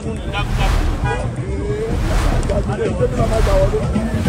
jagun ni jagun jagun.